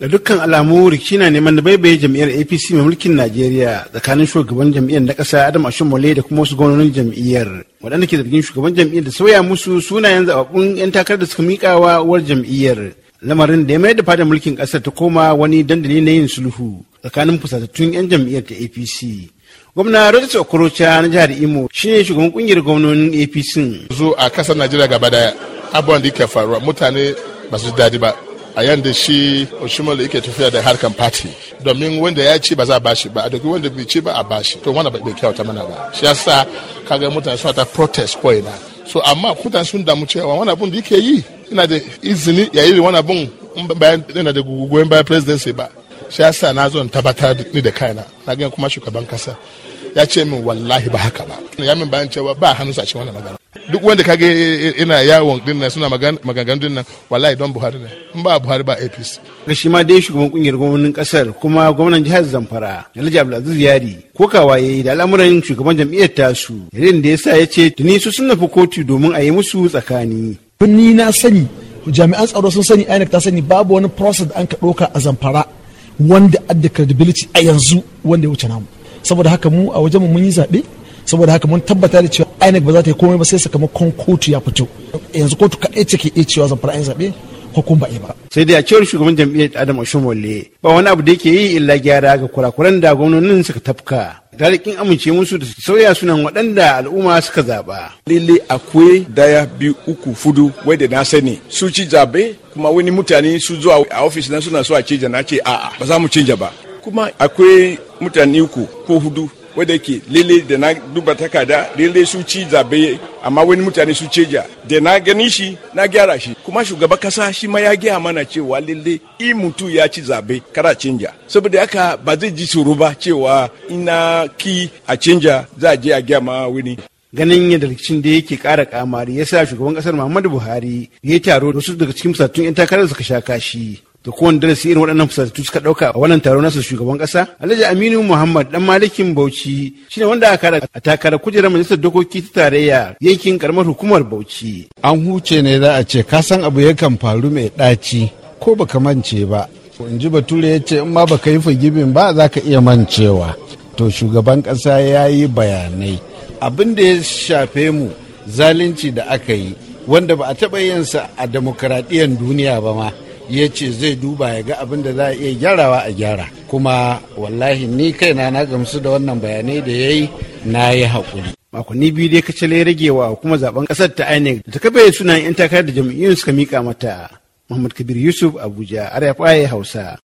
da dukkan alamu rikici na neman da bai-bai jam'iyyar apc mai mulkin najeriya tsakanin shugaban jam'iyyar na kasa adam ashimole da kuma wasu gwamnonin jam'iyyar waɗanda ke zargin shugaban jam'iyyar da sauya musu sunayen zababbun 'yan takarar da suka miƙa wa uwar jam'iyyar lamarin da ya mayar da fada mulkin ƙasar ta koma wani dandali na yin sulhu tsakanin fusatattun 'yan jam'iyyar ta apc gwamna rodas okorocha na jihar imo shine shugaban kungiyar gwamnonin apc zo a kasar najeriya gaba daya abubuwan da ke faruwa mutane ba su daɗi ba a yanda shi Oshimole yake tafiya da harkan party domin wanda ya ci ba za a bashi ba a duk wanda bai ci ba a bashi to wannan bai kyauta mana ba shi yasa kaga mutane suna ta protest ko ina so amma kutan sun damu cewa wani abun da yake yi ina da izini ya yi wani abun bayan ina da goyon bayan presidency ba shi yasa na zo tabbatar ni da kaina na gani kuma shugaban kasa ya ce min wallahi ba haka ba ya min bayan cewa ba hannu a cikin wannan magana duk wanda kage eh, eh, ina yawon din nan suna maganganun din nan wallahi don buhari ne in ba buhari ba apc shi ma dai shugaban kungiyar gwamnatin kasar kuma gwamnan jihar zamfara alhaji abdulaziz yari kokawa ya yi da al'amuran shugaban jam'iyyar tasu irin da sa ya ce tuni su sun nufi kotu domin a yi musu tsakani ni na sani jami'an tsaro sun sani ainihin ta sani babu wani process da an ka ɗauka a zamfara wanda the credibility a yanzu wanda ya wuce namu saboda haka mu a wajen mun yi zaɓe saboda haka mun tabbata da cewa INEC ba za ta yi komai ba sai sakamakon kotu ya fito yanzu kotu kaɗai ce ke iya cewa zamfara an zaɓe ko kun ba ba. sai da cewar shugaban jam'iyyar adam wale ba wani abu da yake yi illa gyara ga kurakuran da gwamnonin suka tafka rikin amince musu da sauya sunan waɗanda al'umma suka zaɓa. lele akwai daya biyu uku fudu wadda na sani su ci zabe kuma wani mutane su zuwa a ofis na suna so a ce na ce a'a ba za mu canja ba kuma akwai mutane uku ko hudu wadda yake lele da na duba takarda lele su ci zabe amma wani mutane su ceja da na gani shi na gyara shi kuma shugaba kasa shi ma ya gaya mana cewa lele in mutu ya ci zabe kara canja saboda haka ba zai ji tsoro ba cewa ina ki a canja za a je a gaya ma wani ganin yadda rikicin da yake kara kamari ya sa shugaban kasar muhammadu buhari ya taro da su daga cikin musattun 'yan takarar suka sha kashi da kowane darasi irin waɗannan fusattu suka ɗauka a wannan taro nasu shugaban ƙasa alhaji aminu muhammad dan malikin bauchi shine wanda aka kara a takarar kujerar majalisar dokoki ta tarayya yankin karamar hukumar bauchi an huce ne za a ce ka san abu yakan faru mai ɗaci ko baka mance ba Ko in ji bature ya ce in ma baka yi fagibin ba za ka iya mancewa to shugaban ƙasa ya yi bayanai abin da ya shafe mu zalunci da aka yi wanda ba a taɓa yinsa a demokaradiyyar duniya ba ma ya ce zai duba ya ga abin da za a iya gyarawa a gyara kuma wallahi ni kaina na gamsu da wannan bayanai da ya yi na yi haƙuri makonni biyu dai lai ragewa kuma zaben ƙasar ta inec da ta kabe sunan 'yan takarar da jam'iyyun suka mika mata muhammad kabir yusuf abuja rfi hausa